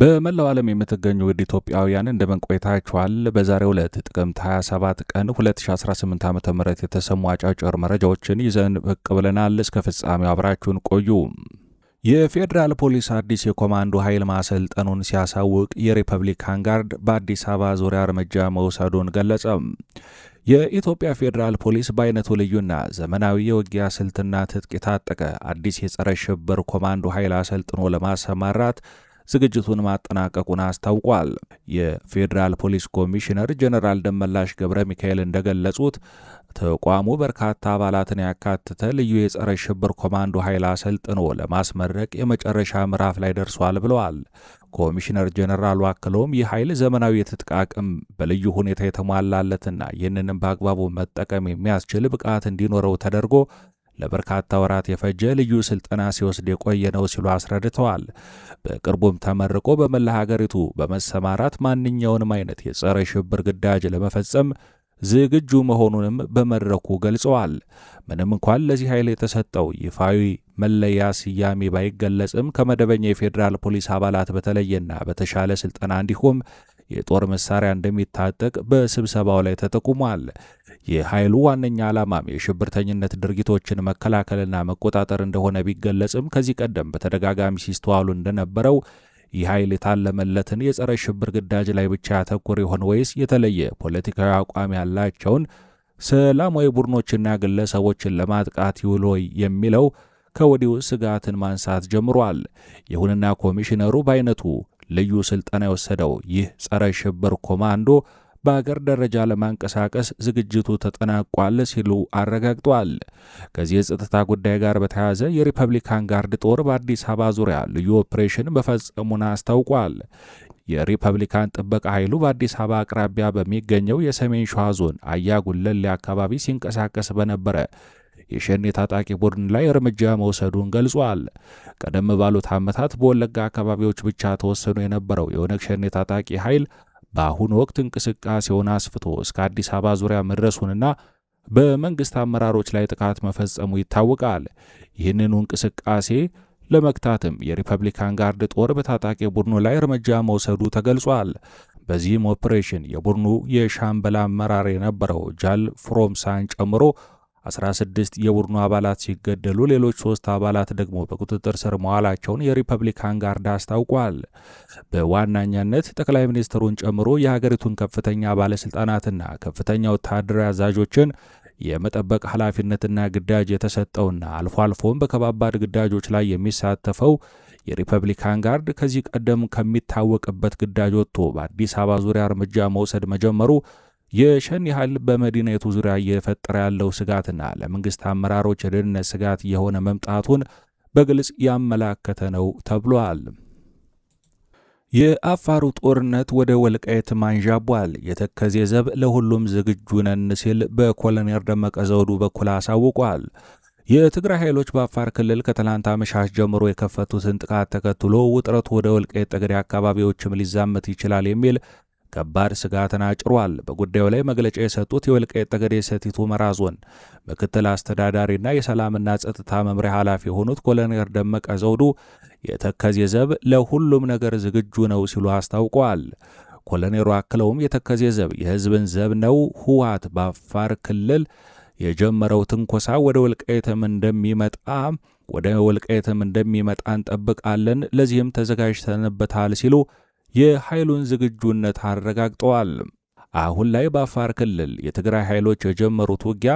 በመላው ዓለም የምትገኙ ውድ ኢትዮጵያውያን እንደምን ቆይታችኋል? በዛሬው ዕለት ጥቅምት 27 ቀን 2018 ዓ ም የተሰሙ አጫጭር መረጃዎችን ይዘን ብቅ ብለናል። እስከ ፍጻሜው አብራችሁን ቆዩ። የፌዴራል ፖሊስ አዲስ የኮማንዶ ኃይል ማሰልጠኑን ሲያሳውቅ የሪፐብሊካን ጋርድ በአዲስ አበባ ዙሪያ እርምጃ መውሰዱን ገለጸ። የኢትዮጵያ ፌዴራል ፖሊስ በአይነቱ ልዩና ዘመናዊ የውጊያ ስልትና ትጥቅ የታጠቀ አዲስ የጸረ ሽብር ኮማንዶ ኃይል አሰልጥኖ ለማሰማራት ዝግጅቱን ማጠናቀቁን አስታውቋል። የፌዴራል ፖሊስ ኮሚሽነር ጀነራል ደመላሽ ገብረ ሚካኤል እንደገለጹት ተቋሙ በርካታ አባላትን ያካተተ ልዩ የጸረ ሽብር ኮማንዶ ኃይል አሰልጥኖ ለማስመረቅ የመጨረሻ ምዕራፍ ላይ ደርሷል ብለዋል። ኮሚሽነር ጀነራሉ አክለውም ይህ ኃይል ዘመናዊ የትጥቅ አቅም በልዩ ሁኔታ የተሟላለትና ይህንንም በአግባቡ መጠቀም የሚያስችል ብቃት እንዲኖረው ተደርጎ ለበርካታ ወራት የፈጀ ልዩ ስልጠና ሲወስድ የቆየ ነው ሲሉ አስረድተዋል። በቅርቡም ተመርቆ በመላ ሀገሪቱ በመሰማራት ማንኛውንም አይነት የጸረ ሽብር ግዳጅ ለመፈጸም ዝግጁ መሆኑንም በመድረኩ ገልጸዋል። ምንም እንኳን ለዚህ ኃይል የተሰጠው ይፋዊ መለያ ስያሜ ባይገለጽም ከመደበኛ የፌዴራል ፖሊስ አባላት በተለየና በተሻለ ስልጠና እንዲሁም የጦር መሳሪያ እንደሚታጠቅ በስብሰባው ላይ ተጠቁሟል። የኃይሉ ዋነኛ ዓላማም የሽብርተኝነት ድርጊቶችን መከላከልና መቆጣጠር እንደሆነ ቢገለጽም ከዚህ ቀደም በተደጋጋሚ ሲስተዋሉ እንደነበረው ይህ ኃይል የታለመለትን የጸረ ሽብር ግዳጅ ላይ ብቻ ያተኩር ይሆን ወይስ የተለየ ፖለቲካዊ አቋም ያላቸውን ሰላማዊ ቡድኖችና ግለሰቦችን ለማጥቃት ይውሎ የሚለው ከወዲሁ ስጋትን ማንሳት ጀምሯል። ይሁንና ኮሚሽነሩ በአይነቱ ልዩ ስልጠና የወሰደው ይህ ጸረ ሽብር ኮማንዶ በአገር ደረጃ ለማንቀሳቀስ ዝግጅቱ ተጠናቋል ሲሉ አረጋግጧል። ከዚህ የጸጥታ ጉዳይ ጋር በተያያዘ የሪፐብሊካን ጋርድ ጦር በአዲስ አበባ ዙሪያ ልዩ ኦፕሬሽን መፈጸሙን አስታውቋል። የሪፐብሊካን ጥበቃ ኃይሉ በአዲስ አበባ አቅራቢያ በሚገኘው የሰሜን ሸዋ ዞን አያ ጉለሌ አካባቢ ሲንቀሳቀስ በነበረ የሸኔ ታጣቂ ቡድን ላይ እርምጃ መውሰዱን ገልጿል። ቀደም ባሉት ዓመታት በወለጋ አካባቢዎች ብቻ ተወሰኑ የነበረው የኦነግ ሸኔ ታጣቂ ኃይል በአሁኑ ወቅት እንቅስቃሴውን አስፍቶ እስከ አዲስ አበባ ዙሪያ መድረሱንና በመንግሥት አመራሮች ላይ ጥቃት መፈጸሙ ይታወቃል። ይህንኑ እንቅስቃሴ ለመግታትም የሪፐብሊካን ጋርድ ጦር በታጣቂ ቡድኑ ላይ እርምጃ መውሰዱ ተገልጿል። በዚህም ኦፕሬሽን የቡድኑ የሻምበላ አመራር የነበረው ጃል ፍሮምሳን ጨምሮ 16 የቡድኑ አባላት ሲገደሉ ሌሎች ሶስት አባላት ደግሞ በቁጥጥር ስር መዋላቸውን የሪፐብሊካን ጋርድ አስታውቋል። በዋናኛነት ጠቅላይ ሚኒስትሩን ጨምሮ የሀገሪቱን ከፍተኛ ባለሥልጣናትና ከፍተኛ ወታደራዊ አዛዦችን የመጠበቅ ኃላፊነትና ግዳጅ የተሰጠውና አልፎ አልፎም በከባባድ ግዳጆች ላይ የሚሳተፈው የሪፐብሊካን ጋርድ ከዚህ ቀደም ከሚታወቅበት ግዳጅ ወጥቶ በአዲስ አበባ ዙሪያ እርምጃ መውሰድ መጀመሩ የሸን ያህል በመዲናይቱ ዙሪያ እየፈጠረ ያለው ስጋትና ለመንግስት አመራሮች የደህንነት ስጋት የሆነ መምጣቱን በግልጽ ያመላከተ ነው ተብሏል። የአፋሩ ጦርነት ወደ ወልቃይት ማንዣቧል። የተከዜ ዘብ ለሁሉም ዝግጁ ነን ሲል በኮሎኔል ደመቀ ዘውዱ በኩል አሳውቋል። የትግራይ ኃይሎች በአፋር ክልል ከትላንት አመሻሽ ጀምሮ የከፈቱትን ጥቃት ተከትሎ ውጥረቱ ወደ ወልቃይት ጠገዴ አካባቢዎችም ሊዛመት ይችላል የሚል ከባድ ስጋትን አጭሯል። በጉዳዩ ላይ መግለጫ የሰጡት የወልቃይት ጠገዴ ሰቲት ሁመራ ዞን ምክትል አስተዳዳሪና የሰላምና ጸጥታ መምሪያ ኃላፊ የሆኑት ኮሎኔል ደመቀ ዘውዱ የተከዜ ዘብ ለሁሉም ነገር ዝግጁ ነው ሲሉ አስታውቀዋል። ኮሎኔሉ አክለውም የተከዜ ዘብ የህዝብን ዘብ ነው፣ ህወሓት በአፋር ክልል የጀመረው ትንኮሳ ወደ ወልቃይትም እንደሚመጣ ወደ ወልቃይትም እንደሚመጣ እንጠብቃለን፣ ለዚህም ተዘጋጅተንበታል ሲሉ የኃይሉን ዝግጁነት አረጋግጠዋል። አሁን ላይ በአፋር ክልል የትግራይ ኃይሎች የጀመሩት ውጊያ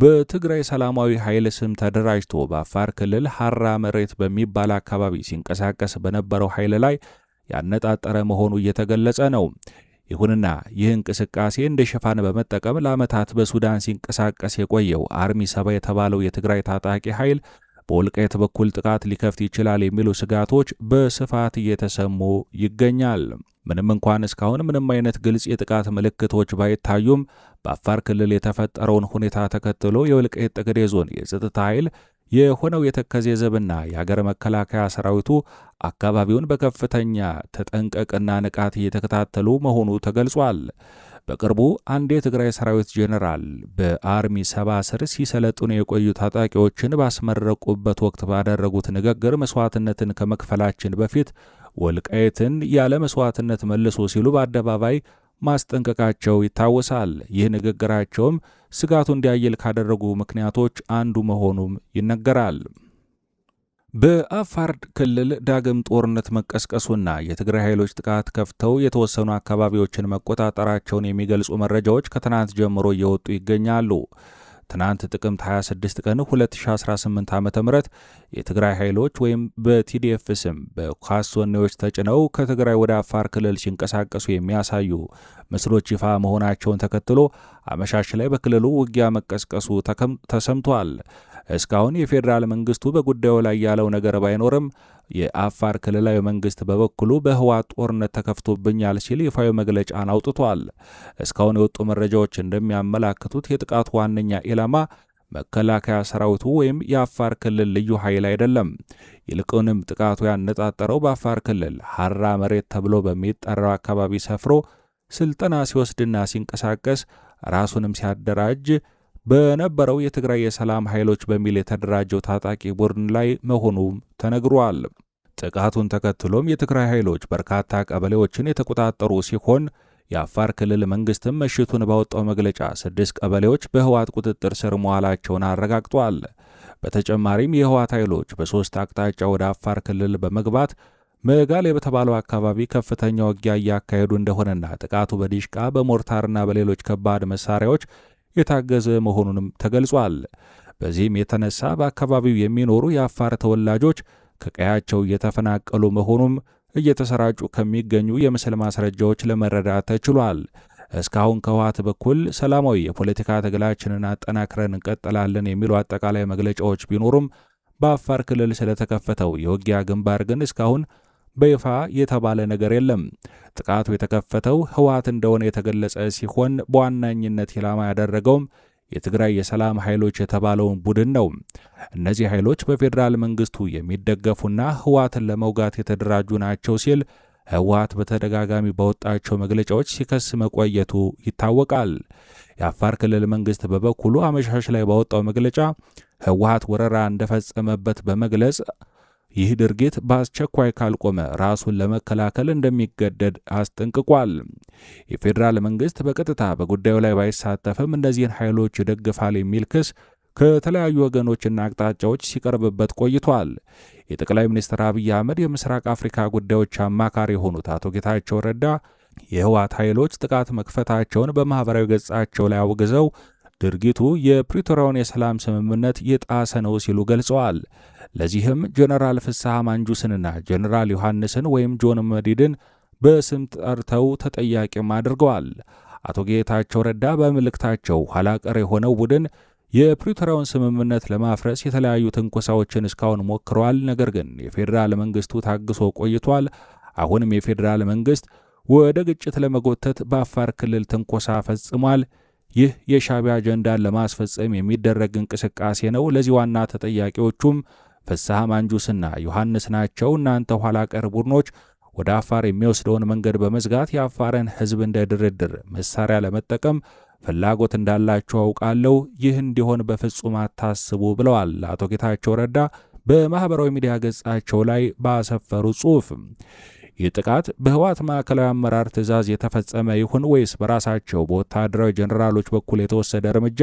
በትግራይ ሰላማዊ ኃይል ስም ተደራጅቶ በአፋር ክልል ሐራ መሬት በሚባል አካባቢ ሲንቀሳቀስ በነበረው ኃይል ላይ ያነጣጠረ መሆኑ እየተገለጸ ነው። ይሁንና ይህ እንቅስቃሴ እንደ ሽፋን በመጠቀም ለዓመታት በሱዳን ሲንቀሳቀስ የቆየው አርሚ ሰባ የተባለው የትግራይ ታጣቂ ኃይል በወልቃይት በኩል ጥቃት ሊከፍት ይችላል የሚሉ ስጋቶች በስፋት እየተሰሙ ይገኛል። ምንም እንኳን እስካሁን ምንም አይነት ግልጽ የጥቃት ምልክቶች ባይታዩም በአፋር ክልል የተፈጠረውን ሁኔታ ተከትሎ የወልቃይት ጠገዴ ዞን የጸጥታ ኃይል የሆነው የተከዜ ዘብና የሀገር መከላከያ ሰራዊቱ አካባቢውን በከፍተኛ ተጠንቀቅና ንቃት እየተከታተሉ መሆኑ ተገልጿል። በቅርቡ አንድ የትግራይ ሰራዊት ጄኔራል በአርሚ ሰባ ስር ሲሰለጥኑ የቆዩ ታጣቂዎችን ባስመረቁበት ወቅት ባደረጉት ንግግር መስዋዕትነትን ከመክፈላችን በፊት ወልቃይትን ያለ መስዋዕትነት መልሶ ሲሉ በአደባባይ ማስጠንቀቃቸው ይታወሳል። ይህ ንግግራቸውም ስጋቱ እንዲያየል ካደረጉ ምክንያቶች አንዱ መሆኑም ይነገራል። በአፋር ክልል ዳግም ጦርነት መቀስቀሱና የትግራይ ኃይሎች ጥቃት ከፍተው የተወሰኑ አካባቢዎችን መቆጣጠራቸውን የሚገልጹ መረጃዎች ከትናንት ጀምሮ እየወጡ ይገኛሉ። ትናንት ጥቅምት 26 ቀን 2018 ዓ ም የትግራይ ኃይሎች ወይም በቲዲኤፍ ስም በኳሶኔዎች ተጭነው ከትግራይ ወደ አፋር ክልል ሲንቀሳቀሱ የሚያሳዩ ምስሎች ይፋ መሆናቸውን ተከትሎ አመሻሽ ላይ በክልሉ ውጊያ መቀስቀሱ ተሰምቷል። እስካሁን የፌዴራል መንግስቱ በጉዳዩ ላይ ያለው ነገር ባይኖርም የአፋር ክልላዊ መንግስት በበኩሉ በህወሓት ጦርነት ተከፍቶብኛል ሲል ይፋዊ መግለጫን አውጥቷል። እስካሁን የወጡ መረጃዎች እንደሚያመላክቱት የጥቃቱ ዋነኛ ኢላማ መከላከያ ሰራዊቱ ወይም የአፋር ክልል ልዩ ኃይል አይደለም። ይልቁንም ጥቃቱ ያነጣጠረው በአፋር ክልል ሀራ መሬት ተብሎ በሚጠራው አካባቢ ሰፍሮ ስልጠና ሲወስድና ሲንቀሳቀስ ራሱንም ሲያደራጅ በነበረው የትግራይ የሰላም ኃይሎች በሚል የተደራጀው ታጣቂ ቡድን ላይ መሆኑም ተነግሯል። ጥቃቱን ተከትሎም የትግራይ ኃይሎች በርካታ ቀበሌዎችን የተቆጣጠሩ ሲሆን የአፋር ክልል መንግስትም ምሽቱን ባወጣው መግለጫ ስድስት ቀበሌዎች በህዋት ቁጥጥር ስር መዋላቸውን አረጋግጧል። በተጨማሪም የህዋት ኃይሎች በሦስት አቅጣጫ ወደ አፋር ክልል በመግባት መጋሌ በተባለው አካባቢ ከፍተኛ ውጊያ እያካሄዱ እንደሆነና ጥቃቱ በዲሽቃ በሞርታርና በሌሎች ከባድ መሳሪያዎች የታገዘ መሆኑንም ተገልጿል። በዚህም የተነሳ በአካባቢው የሚኖሩ የአፋር ተወላጆች ከቀያቸው እየተፈናቀሉ መሆኑም እየተሰራጩ ከሚገኙ የምስል ማስረጃዎች ለመረዳት ተችሏል። እስካሁን ከህወሓት በኩል ሰላማዊ የፖለቲካ ትግላችንን አጠናክረን እንቀጥላለን የሚሉ አጠቃላይ መግለጫዎች ቢኖሩም በአፋር ክልል ስለተከፈተው የውጊያ ግንባር ግን እስካሁን በይፋ የተባለ ነገር የለም። ጥቃቱ የተከፈተው ህወሓት እንደሆነ የተገለጸ ሲሆን በዋናኝነት ኢላማ ያደረገውም የትግራይ የሰላም ኃይሎች የተባለውን ቡድን ነው። እነዚህ ኃይሎች በፌዴራል መንግስቱ የሚደገፉና ህወሓትን ለመውጋት የተደራጁ ናቸው ሲል ህወሓት በተደጋጋሚ በወጣቸው መግለጫዎች ሲከስ መቆየቱ ይታወቃል። የአፋር ክልል መንግስት በበኩሉ አመሻሽ ላይ ባወጣው መግለጫ ህወሓት ወረራ እንደፈጸመበት በመግለጽ ይህ ድርጊት በአስቸኳይ ካልቆመ ራሱን ለመከላከል እንደሚገደድ አስጠንቅቋል። የፌዴራል መንግስት በቀጥታ በጉዳዩ ላይ ባይሳተፍም እነዚህን ኃይሎች ይደግፋል የሚል ክስ ከተለያዩ ወገኖችና አቅጣጫዎች ሲቀርብበት ቆይቷል። የጠቅላይ ሚኒስትር አብይ አህመድ የምስራቅ አፍሪካ ጉዳዮች አማካሪ የሆኑት አቶ ጌታቸው ረዳ የህወሓት ኃይሎች ጥቃት መክፈታቸውን በማኅበራዊ ገጻቸው ላይ አውግዘው ድርጊቱ የፕሪቶሪያውን የሰላም ስምምነት የጣሰ ነው ሲሉ ገልጸዋል። ለዚህም ጀነራል ፍስሐ ማንጁስንና ጀነራል ዮሐንስን ወይም ጆን መዲድን በስም ጠርተው ተጠያቂም አድርገዋል። አቶ ጌታቸው ረዳ በመልእክታቸው ኋላቀር የሆነው ቡድን የፕሪቶሪያውን ስምምነት ለማፍረስ የተለያዩ ትንኮሳዎችን እስካሁን ሞክረዋል። ነገር ግን የፌዴራል መንግስቱ ታግሶ ቆይቷል። አሁንም የፌዴራል መንግስት ወደ ግጭት ለመጎተት በአፋር ክልል ትንኮሳ ፈጽሟል። ይህ የሻቢያ አጀንዳን ለማስፈጸም የሚደረግ እንቅስቃሴ ነው። ለዚህ ዋና ተጠያቂዎቹም ፍስሐ ማንጁስና ዮሐንስ ናቸው። እናንተ ኋላ ቀር ቡድኖች ወደ አፋር የሚወስደውን መንገድ በመዝጋት የአፋርን ሕዝብ እንደ ድርድር መሳሪያ ለመጠቀም ፍላጎት እንዳላቸው አውቃለሁ። ይህ እንዲሆን በፍጹም አታስቡ ብለዋል አቶ ጌታቸው ረዳ በማኅበራዊ ሚዲያ ገጻቸው ላይ ባሰፈሩ ጽሑፍ ይህ ጥቃት በህወሓት ማዕከላዊ አመራር ትዕዛዝ የተፈጸመ ይሁን ወይስ በራሳቸው በወታደራዊ ጀኔራሎች በኩል የተወሰደ እርምጃ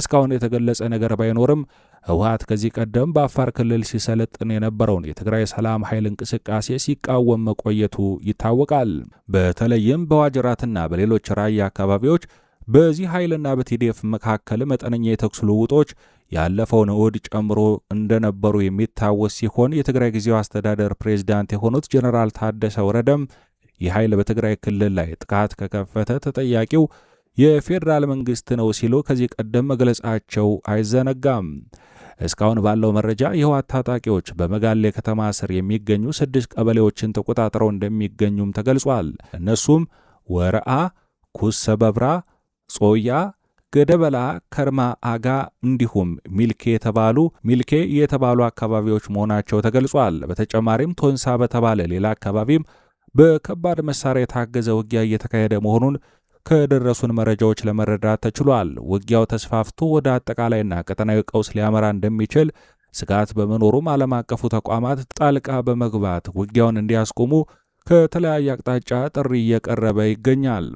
እስካሁን የተገለጸ ነገር ባይኖርም ህወሓት ከዚህ ቀደም በአፋር ክልል ሲሰለጥን የነበረውን የትግራይ ሰላም ኃይል እንቅስቃሴ ሲቃወም መቆየቱ ይታወቃል። በተለይም በዋጅራትና በሌሎች ራያ አካባቢዎች በዚህ ኃይልና በቲዲኤፍ መካከል መጠነኛ የተኩስ ልውጦች ያለፈውን እሁድ ጨምሮ እንደነበሩ የሚታወስ ሲሆን የትግራይ ጊዜው አስተዳደር ፕሬዚዳንት የሆኑት ጀነራል ታደሰ ወረደም ይህ ኃይል በትግራይ ክልል ላይ ጥቃት ከከፈተ ተጠያቂው የፌዴራል መንግስት ነው ሲሉ ከዚህ ቀደም መግለጻቸው አይዘነጋም። እስካሁን ባለው መረጃ የህወሓት ታጣቂዎች በመጋሌ ከተማ ስር የሚገኙ ስድስት ቀበሌዎችን ተቆጣጥረው እንደሚገኙም ተገልጿል። እነሱም ወረአ፣ ኩሰበብራ፣ ጾያ ገደበላ ከርማ አጋ እንዲሁም ሚልኬ የተባሉ ሚልኬ የተባሉ አካባቢዎች መሆናቸው ተገልጿል። በተጨማሪም ቶንሳ በተባለ ሌላ አካባቢም በከባድ መሳሪያ የታገዘ ውጊያ እየተካሄደ መሆኑን ከደረሱን መረጃዎች ለመረዳት ተችሏል። ውጊያው ተስፋፍቶ ወደ አጠቃላይና ቀጠናዊ ቀውስ ሊያመራ እንደሚችል ስጋት በመኖሩም ዓለም አቀፉ ተቋማት ጣልቃ በመግባት ውጊያውን እንዲያስቆሙ ከተለያየ አቅጣጫ ጥሪ እየቀረበ ይገኛል።